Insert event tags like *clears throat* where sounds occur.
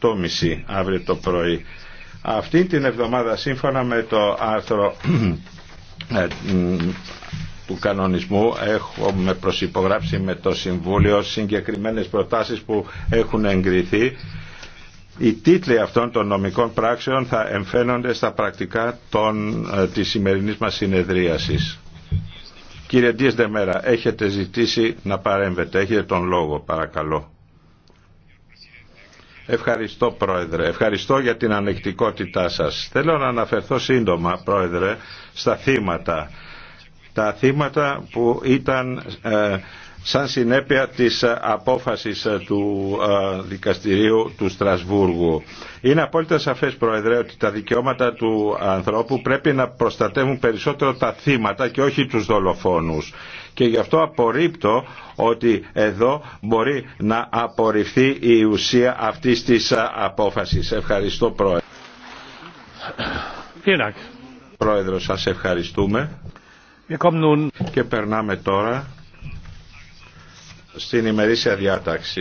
8.30 αύριο το πρωί. Αυτή την εβδομάδα σύμφωνα με το άρθρο *clears throat* ε, του κανονισμού έχουμε προσυπογράψει με το Συμβούλιο συγκεκριμένες προτάσεις που έχουν εγκριθεί. Οι τίτλοι αυτών των νομικών πράξεων θα εμφαίνονται στα πρακτικά των, ε, της σημερινής μας συνεδρίασης. Κύριε Ντίες Δεμέρα, έχετε ζητήσει να παρέμβετε. Έχετε τον λόγο, παρακαλώ. Ευχαριστώ Πρόεδρε. Ευχαριστώ για την ανεκτικότητά σας. Θέλω να αναφερθώ σύντομα Πρόεδρε στα θύματα. Τα θύματα που ήταν... Ε, σαν συνέπεια της ε, απόφασης ε, του ε, δικαστηρίου του Στρασβούργου. Είναι απόλυτα σαφές, Πρόεδρε, ότι τα δικαιώματα του ανθρώπου πρέπει να προστατεύουν περισσότερο τα θύματα και όχι τους δολοφόνους. Και γι' αυτό απορρίπτω ότι εδώ μπορεί να απορριφθεί η ουσία αυτής της απόφασης. Ευχαριστώ, Πρόεδρε. Πρόεδρο, σας ευχαριστούμε. Και περνάμε τώρα στην ημερήσια διάταξη.